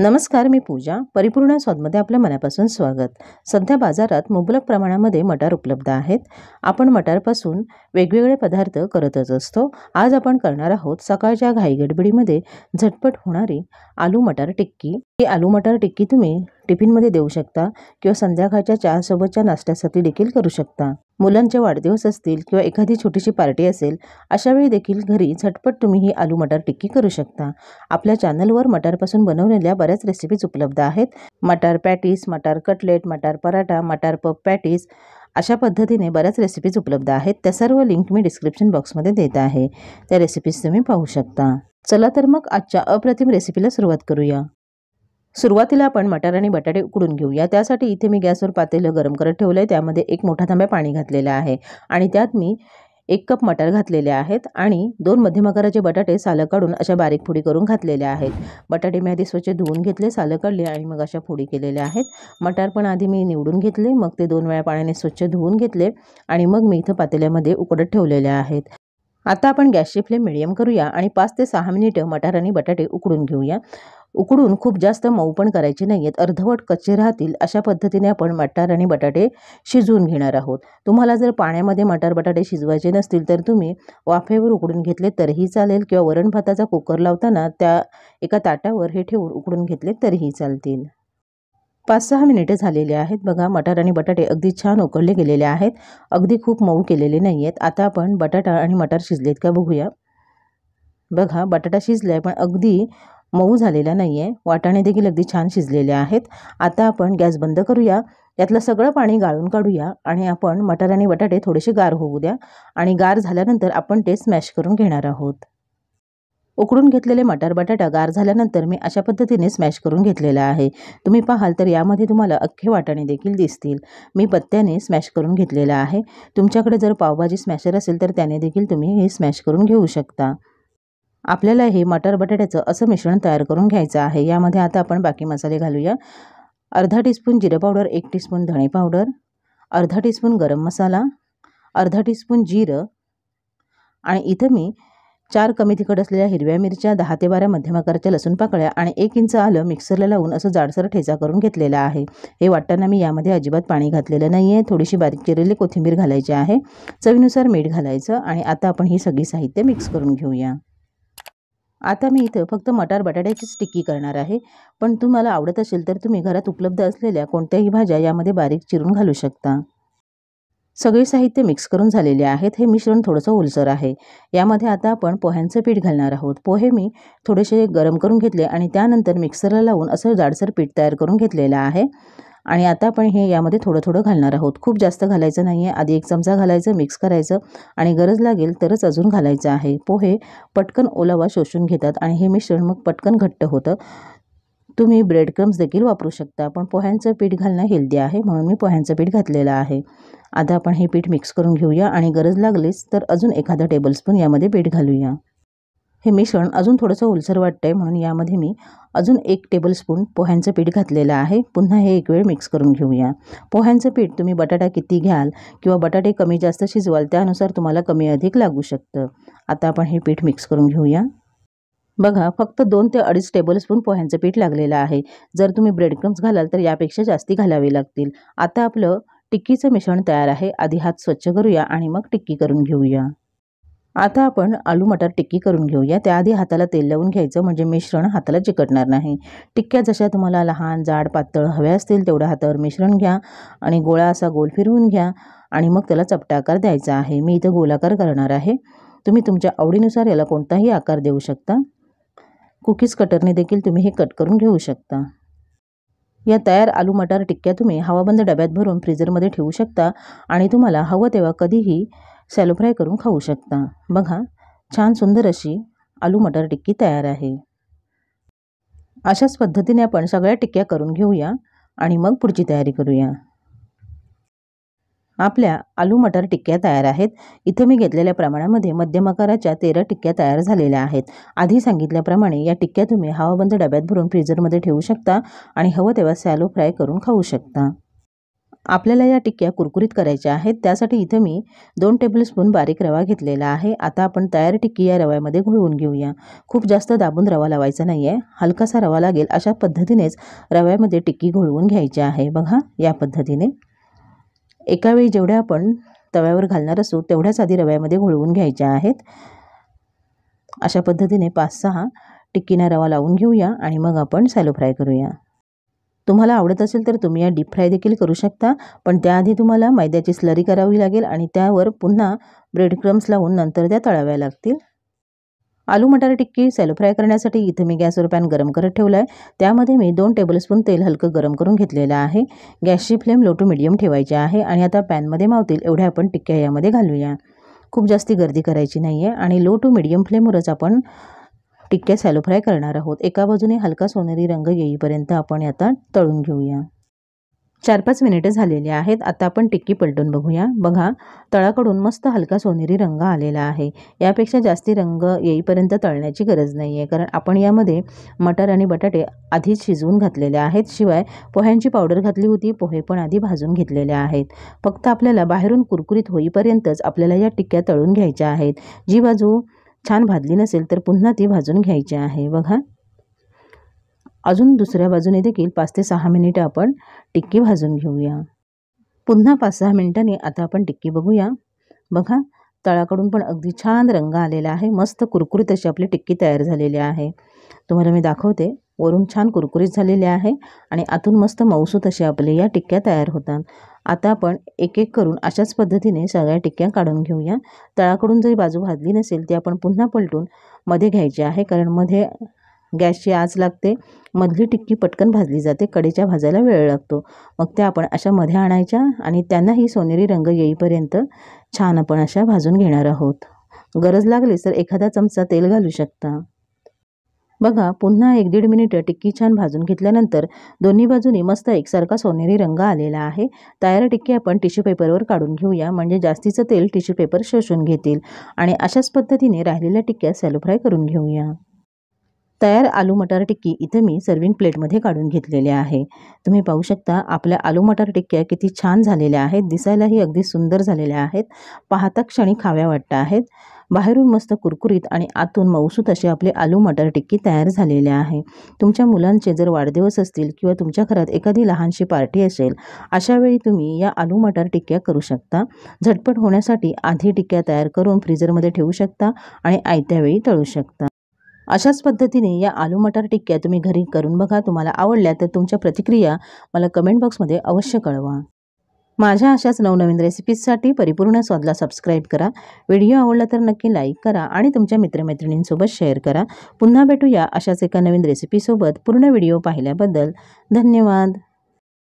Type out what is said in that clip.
नमस्कार मी पूजा परिपूर्ण स्वादमध्ये आपल्या मनापासून स्वागत सध्या बाजारात मुबलक प्रमाणामध्ये मटार उपलब्ध आहेत आपण मटारपासून वेगवेगळे पदार्थ करतच असतो आज आपण करणार आहोत सकाळच्या घाईगडबडीमध्ये झटपट होणारी आलू मटार टिक्की ही आलू मटार टिक्की तुम्ही टिफिनमध्ये देऊ शकता किंवा संध्याकाळच्या चहासोबतच्या नाश्त्यासाठी देखील करू शकता मुलांचे वाढदिवस असतील किंवा एखादी छोटीशी पार्टी असेल अशावेळी देखील घरी झटपट तुम्ही ही आलू मटार टिक्की करू शकता आपल्या चॅनलवर मटारपासून बनवलेल्या बऱ्याच रेसिपीज उपलब्ध आहेत मटार पॅटीस मटार कटलेट मटार पराठा मटार पप पॅटीस अशा पद्धतीने बऱ्याच रेसिपीज उपलब्ध आहेत त्या सर्व लिंक मी डिस्क्रिप्शन बॉक्समध्ये देत आहे त्या रेसिपीज तुम्ही पाहू शकता चला तर मग आजच्या अप्रतिम रेसिपीला सुरुवात करूया सुरुवातीला आपण मटार आणि बटाटे उकडून घेऊया त्यासाठी इथे मी गॅसवर पातेलं गरम करत ठेवलं आहे त्यामध्ये एक मोठा तांब्या पाणी घातलेलं आहे आणि त्यात मी एक कप मटार घातलेले आहेत आणि दोन मध्यम आकाराचे बटाटे सालं काढून अशा बारीक फोडी करून घातलेले आहेत बटाटे मी आधी स्वच्छ धुवून घेतले सालं काढले आणि मग अशा फोडी केलेल्या आहेत मटार पण आधी मी निवडून घेतले मग ते दोन वेळा पाण्याने स्वच्छ धुवून घेतले आणि मग मी इथं पातेल्यामध्ये उकडत ठेवलेल्या आहेत आता आपण गॅसची फ्लेम मिडियम करूया आणि पाच ते सहा मिनिटं मटार आणि बटाटे उकडून घेऊया उकडून खूप जास्त मऊ पण करायचे नाही आहेत अर्धवट कच्चे राहतील अशा पद्धतीने आपण मटार आणि बटाटे शिजवून घेणार आहोत तुम्हाला जर पाण्यामध्ये मटार बटाटे शिजवायचे नसतील तर तुम्ही वाफेवर उकडून घेतले तरीही चालेल किंवा वरण भाताचा कुकर लावताना त्या एका ताटावर हे ठेवून उकडून घेतले तरीही चालतील पाच सहा मिनिटे झालेले आहेत बघा मटार आणि बटाटे अगदी छान उकळले गेलेले आहेत अगदी खूप मऊ केलेले नाही आहेत आता आपण बटाटा आणि मटार शिजलेत का बघूया बघा बटाटा शिजला आहे पण अगदी मऊ झालेला नाही आहे वाटाणे देखील अगदी छान शिजलेले आहेत आता आपण गॅस बंद करूया यातलं सगळं पाणी गाळून काढूया आणि आपण मटार आणि बटाटे थोडेसे गार होऊ द्या आणि गार झाल्यानंतर आपण ते स्मॅश करून घेणार आहोत उकडून घेतलेले मटार बटाटा गार झाल्यानंतर मी अशा पद्धतीने स्मॅश करून घेतलेला आहे तुम्ही पाहाल तर यामध्ये तुम्हाला अख्खे वाटाणे देखील दिसतील मी पत्त्याने स्मॅश करून घेतलेला आहे तुमच्याकडे जर पावभाजी स्मॅशर असेल तर त्याने देखील तुम्ही हे स्मॅश करून घेऊ शकता आपल्याला हे मटार बटाट्याचं असं मिश्रण तयार करून घ्यायचं आहे यामध्ये आता आपण बाकी मसाले घालूया अर्धा टीस्पून जिरं पावडर एक टीस्पून धणे पावडर अर्धा टीस्पून गरम मसाला अर्धा टीस्पून जिरं आणि इथं मी चार कमी तिखट असलेल्या हिरव्या मिरच्या दहा ते बारा मध्यम आकाराच्या लसूण पाकळ्या आणि एक इंच आलं मिक्सरला लावून असं जाडसर ठेचा करून घेतलेला आहे हे वाटताना मी यामध्ये अजिबात पाणी घातलेलं नाही आहे थोडीशी बारीक चिरलेली कोथिंबीर घालायची आहे चवीनुसार मीठ घालायचं आणि आता आपण ही सगळी साहित्य मिक्स करून घेऊया आता मी इथं फक्त मटार बटाट्याचीच टिक्की करणार आहे पण तुम्हाला आवडत असेल तर तुम्ही घरात उपलब्ध असलेल्या कोणत्याही भाज्या यामध्ये बारीक चिरून घालू शकता सगळे साहित्य मिक्स करून झालेले आहेत हे मिश्रण थोडंसं ओलसर आहे यामध्ये आता आपण पोह्यांचं पीठ घालणार आहोत पोहे मी थोडेसे गरम करून घेतले आणि त्यानंतर मिक्सरला लावून असं जाडसर पीठ तयार करून घेतलेलं आहे आणि आता आपण हे यामध्ये थोडं थोडं घालणार आहोत खूप जास्त घालायचं नाही आहे आधी एक चमचा घालायचं मिक्स करायचं आणि गरज लागेल तरच अजून घालायचं आहे पोहे पटकन ओलावा शोषून घेतात आणि हे मिश्रण मग पटकन घट्ट होतं तुम्ही ब्रेड क्रम्स देखील वापरू शकता पण पोह्यांचं पीठ घालणं हेल्दी आहे म्हणून मी पोह्यांचं पीठ घातलेलं आहे आता आपण हे पीठ मिक्स करून घेऊया आणि गरज लागलीच तर अजून एखादा टेबलस्पून यामध्ये पीठ घालूया हे मिश्रण अजून थोडंसं ओलसर वाटतं आहे म्हणून यामध्ये मी अजून एक टेबलस्पून पोह्यांचं पीठ घातलेलं आहे पुन्हा हे एक वेळ मिक्स करून घेऊया पोह्यांचं पीठ तुम्ही बटाटा किती घ्याल किंवा बटाटे कमी जास्त शिजवाल त्यानुसार तुम्हाला कमी अधिक लागू शकतं आता आपण हे पीठ मिक्स करून घेऊया बघा फक्त दोन ते अडीच टेबलस्पून पोह्यांचं पीठ लागलेलं आहे जर तुम्ही ब्रेडक्रम्स घालाल तर यापेक्षा जास्ती घालावे लागतील आता आपलं टिक्कीचं मिश्रण तयार आहे आधी हात स्वच्छ करूया आणि मग टिक्की करून घेऊया आता आपण आलू मटार टिक्की करून घेऊया त्याआधी हाताला तेल लावून घ्यायचं म्हणजे मिश्रण हाताला चिकटणार नाही टिक्क्या जशा तुम्हाला लहान जाड पातळ हव्या असतील तेवढ्या हातावर मिश्रण घ्या आणि गोळा असा गोल फिरवून घ्या आणि मग त्याला चपटाकार द्यायचा आहे मी इथं गोलाकार करणार आहे तुम्ही तुमच्या आवडीनुसार याला कोणताही आकार देऊ शकता कुकीज कटरने देखील तुम्ही हे कट करून घेऊ शकता या तयार आलू मटार टिक्क्या तुम्ही हवाबंद डब्यात भरून फ्रीजरमध्ये ठेवू शकता आणि तुम्हाला हवं तेव्हा कधीही सॅलो फ्राय करून खाऊ शकता बघा छान सुंदर अशी आलू मटार टिक्की तयार आहे अशाच पद्धतीने आपण सगळ्या टिक्क्या करून घेऊया आणि मग पुढची तयारी करूया आपल्या आलू मटर टिक्क्या तयार आहेत इथे मी घेतलेल्या प्रमाणामध्ये मध्यम आकाराच्या तेरा टिक्क्या तयार झालेल्या आहेत आधी सांगितल्याप्रमाणे या टिक्क्या तुम्ही हवाबंद डब्यात भरून फ्रीजरमध्ये ठेवू शकता आणि हवं तेव्हा सॅलो फ्राय करून खाऊ शकता आपल्याला या टिक्क्या कुरकुरीत करायच्या आहेत त्यासाठी इथं मी दोन टेबलस्पून बारीक रवा घेतलेला आहे आता आपण तयार टिक्की या रव्यामध्ये घोळवून घेऊया खूप जास्त दाबून रवा लावायचा नाही आहे हलकासा रवा लागेल अशा पद्धतीनेच रव्यामध्ये टिक्की घोळवून घ्यायची आहे बघा या पद्धतीने एकावेळी जेवढ्या आपण तव्यावर घालणार असू तेवढ्याच आधी रव्यामध्ये घोळवून घ्यायच्या आहेत अशा पद्धतीने पाच सहा टिक्कीना रवा लावून घेऊया आणि मग आपण सॅलो फ्राय करूया तुम्हाला आवडत असेल तर तुम्ही या डीप फ्राय देखील करू शकता पण त्याआधी तुम्हाला मैद्याची स्लरी करावी लागेल आणि त्यावर पुन्हा ब्रेड क्रम्स लावून नंतर त्या तळाव्या लागतील आलू मटार टिक्की सॅलो फ्राय करण्यासाठी इथे मी गॅसवर पॅन गरम करत ठेवला आहे त्यामध्ये मी दोन टेबलस्पून तेल हलकं गरम करून घेतलेलं आहे गॅसची फ्लेम लो टू मिडियम ठेवायची आहे आणि आता पॅनमध्ये मावतील एवढ्या आपण टिक्क्या यामध्ये घालूया खूप जास्ती गर्दी करायची नाही आहे आणि लो टू मिडियम फ्लेमवरच आपण टिक्क्या सॅलो फ्राय करणार आहोत एका बाजूने हलका सोनेरी रंग येईपर्यंत आपण आता तळून घेऊया चार पाच मिनिटं झालेली आहेत आता आपण टिक्की पलटून बघूया बघा तळाकडून मस्त हलका सोनेरी रंग आलेला आहे यापेक्षा जास्ती रंग येईपर्यंत तळण्याची गरज नाही आहे कारण आपण यामध्ये मटर आणि बटाटे आधीच शिजवून घातलेले आहेत शिवाय पोह्यांची पावडर घातली होती पोहे पण आधी भाजून घेतलेले आहेत फक्त आपल्याला बाहेरून कुरकुरीत होईपर्यंतच आपल्याला या टिक्क्या तळून घ्यायच्या आहेत जी बाजू छान भाजली नसेल तर पुन्हा ती भाजून घ्यायची आहे बघा अजून दुसऱ्या बाजूने देखील पाच ते सहा मिनिटं आपण टिक्की भाजून घेऊया पुन्हा पाच सहा मिनिटांनी आता आपण टिक्की बघूया बघा तळाकडून पण अगदी छान रंग आलेला आहे मस्त कुरकुरीत अशी आपली टिक्की तयार झालेली आहे तुम्हाला मी दाखवते वरून छान कुरकुरीत झालेली आहे आणि आतून मस्त मौसूत अशी आपले या टिक्क्या तयार होतात आता आपण एक एक करून अशाच पद्धतीने सगळ्या टिक्क्या काढून घेऊया तळाकडून जरी बाजू भाजली नसेल ती आपण पुन्हा पलटून मध्ये घ्यायची आहे कारण मध्ये गॅसची आज लागते मधली टिक्की पटकन भाजली जाते कडेच्या भाजायला वेळ लागतो मग त्या आपण अशा मध्ये आणायच्या आणि त्यांनाही सोनेरी रंग येईपर्यंत छान आपण अशा भाजून घेणार आहोत गरज लागली तर एखादा चमचा तेल घालू शकता बघा पुन्हा एक दीड मिनिटं टिक्की छान भाजून घेतल्यानंतर दोन्ही बाजूनी मस्त एकसारखा सोनेरी रंग आलेला आहे तयार टिक्की आपण टिश्यू पेपरवर काढून घेऊया म्हणजे जास्तीचं तेल टिश्यू पेपर शोषून घेतील आणि अशाच पद्धतीने राहिलेल्या टिक्क्या सॅलोफ्राय फ्राय करून घेऊया तयार आलू मटार टिक्की इथे मी सर्विंग प्लेटमध्ये काढून घेतलेली आहे तुम्ही पाहू शकता आपल्या आलू मटार टिक्क्या किती छान झालेल्या आहेत दिसायलाही अगदी सुंदर झालेल्या आहेत पाहता क्षणी खाव्या वाटत आहेत बाहेरून मस्त कुरकुरीत आणि आतून मौसूत असे आपले आलू मटार टिक्की तयार झालेले आहे तुमच्या मुलांचे जर वाढदिवस असतील किंवा तुमच्या घरात एखादी लहानशी पार्टी असेल अशावेळी तुम्ही या आलू मटार टिक्क्या करू शकता झटपट होण्यासाठी आधी टिक्क्या तयार करून फ्रीजरमध्ये ठेवू शकता आणि आयत्यावेळी तळू शकता अशाच पद्धतीने या आलू मटर टिक्क्या तुम्ही घरी करून बघा तुम्हाला आवडल्या तर तुमच्या प्रतिक्रिया मला कमेंट बॉक्समध्ये अवश्य कळवा माझ्या अशाच नवनवीन रेसिपीजसाठी परिपूर्ण स्वादला सबस्क्राईब करा व्हिडिओ आवडला तर नक्की लाईक करा आणि तुमच्या मित्रमैत्रिणींसोबत शेअर करा पुन्हा भेटूया अशाच एका नवीन रेसिपीसोबत पूर्ण व्हिडिओ पाहिल्याबद्दल धन्यवाद